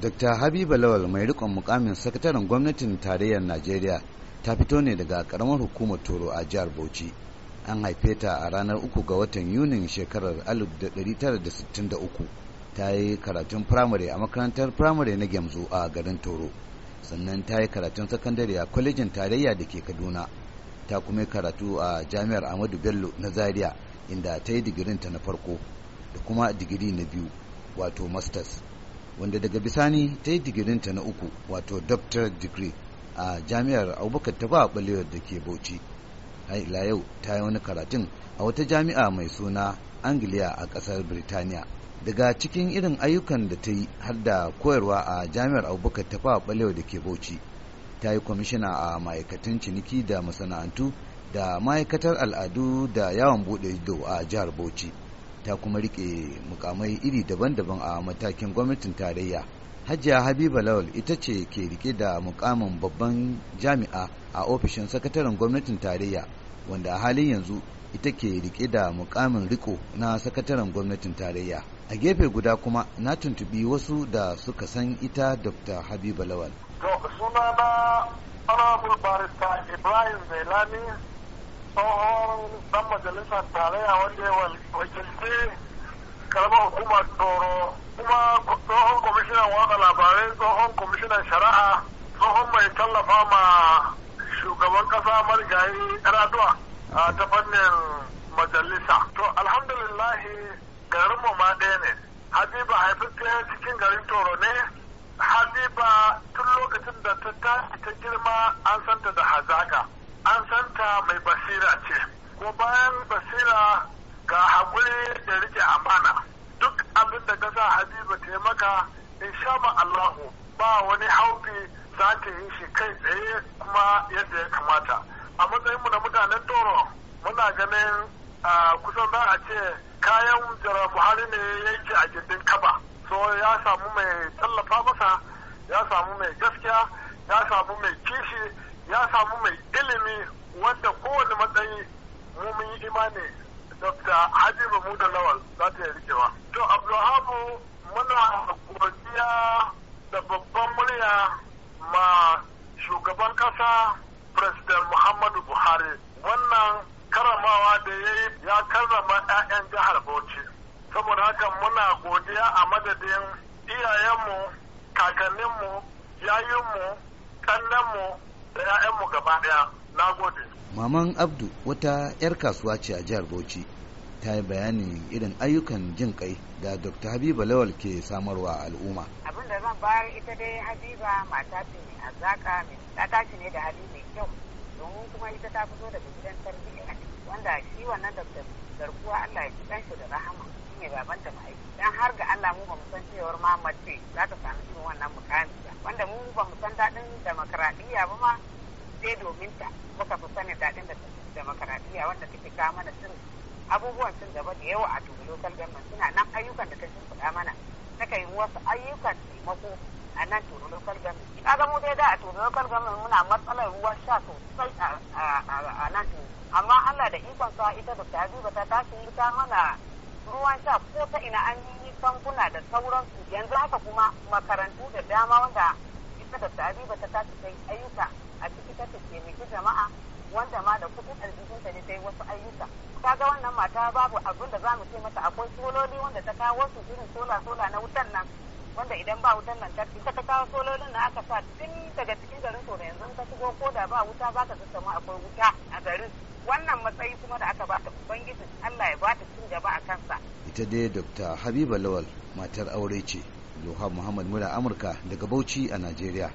Dr. Habiba Lawal mai rikon mukamin sakataren gwamnatin tarayyar Najeriya ta fito ne daga karamar hukumar Toro a jihar Bauchi. An haife ta a ranar uku ga watan Yunin shekarar 1963. Ta yi karatun firamare a makarantar firamare na Gemzu a garin Toro. Sannan ta yi karatun sakandare a kwalejin tarayya da ke Kaduna. Ta kuma karatu a Jami'ar Ahmadu Bello na Zaria inda ta yi digirinta na farko da kuma digiri na biyu wato masters. wanda daga bisani ta yi digirinta na uku wato doctor degree a jami'ar abubakar ta ba balewar da ke bauchi har ila yau ta yi wani karatun a wata jami'a mai suna angiliya a kasar birtaniya daga cikin irin ayyukan da ta yi har da koyarwa a jami'ar abubakar ta ba balewar da ke bauchi ta yi kwamishina a ma'aikatan ciniki da masana'antu da ma'aikatar al'adu da yawon bude ido a jihar bauchi ta kuma rike mukamai iri daban-daban a matakin gwamnatin tarayya hajiya habiba lawal ita ce ke rike da mukamin babban jami'a a ofishin sakataren gwamnatin tarayya wanda a halin yanzu ita ke rike da mukamin riko na sakataren gwamnatin tarayya a gefe guda kuma na tuntubi wasu da suka san ita dr habiba lawal to suna na ibrahim zailani tsohon dan majalisar tarayya wanda ya wakilci karamar hukumar tsoro kuma tsohon kwamishinan watsa labarai tsohon kwamishinan shari'a tsohon mai tallafa ma shugaban kasa marigayi raduwa a ta fannin majalisa to alhamdulillahi garinmu ma ɗaya ne habiba haifaffe cikin garin toro ne habiba tun lokacin da ta tashi ta girma an santa da hazaka an santa mai basira ce ko bayan basira ga haƙuri da rike amana duk abin da kasa habiba ta maka insha ma Allahu ba wani haufi za ta yi shi kai tsaye kuma yadda ya kamata a matsayinmu na mutanen toro muna ganin kusan za a ce kayan jara buhari ne yake a gindin kaba so ya samu mai tallafa masa ya samu mai gaskiya ya samu mai kishi ya samu mai ilimi wanda kowane matsayi mu mun yi imani Dr. Haji Mahmuda Lawal za ta yi rikewa. To Abdulhabu muna godiya da babban murya ma shugaban kasa President Muhammadu Buhari wannan karamawa da ya yi ya karrama 'ya'yan jihar Bauchi. Saboda haka muna godiya a madadin iyayenmu, kakanninmu, yayinmu, kannenmu, da 'ya'yanmu gaba daya na gode maman abdu wata 'yar kasuwa ce a jihar bauchi ta yi bayani irin ayyukan jin kai da dr habiba lawal ke samarwa al'umma abin da zan bayar ita dai habiba mata ce mai azaka ta tashi ne da hali mai kyau domin kuma ita ta fito daga gidan tarbiyya wanda shi wannan dr garkuwa allah ya ji da rahama ne baban ta ba dan har ga Allah mu ba mu san cewar ma mace za ta samu irin wannan mukami ba wanda mu ba mu san daɗin demokradiyya ba ma sai domin ta muka fi sanin daɗin da demokradiyya wanda take ka mana cin abubuwan sun gaba da yawa a tubu local government suna nan ayyukan da ta shimfiɗa mana ta kai wasu ayyukan taimako a nan tubu local government ga mu dai da a tubu local government muna matsalar ruwan sha sosai a nan tubu amma Allah da ikon sa ita da ta ta tashi ta mana ruwan sha ko ta ina an yi bankuna da sauransu yanzu haka kuma makarantu da dama wanda ita da sabi ba ta tashi ayyuka a ciki ta taimaki jama'a wanda ma da kudin ta ne ta yi wasu ayyuka ta ga wannan mata babu abin da za mu ce mata akwai sololi wanda ta kawo su irin sola sola na wutan nan wanda idan ba wutan nan ta ita ta kawo sololin na aka sa tun daga cikin garin to yanzu ta shigo ko da ba wuta ba ka zama akwai wuta a garin wannan matsayi kuma da aka ba bata ubangiji Allah ya ba bata gaba a kansa ita dai dr habiba lawal matar aure ce Loha Muhammad mura Amurka daga Bauchi a Najeriya.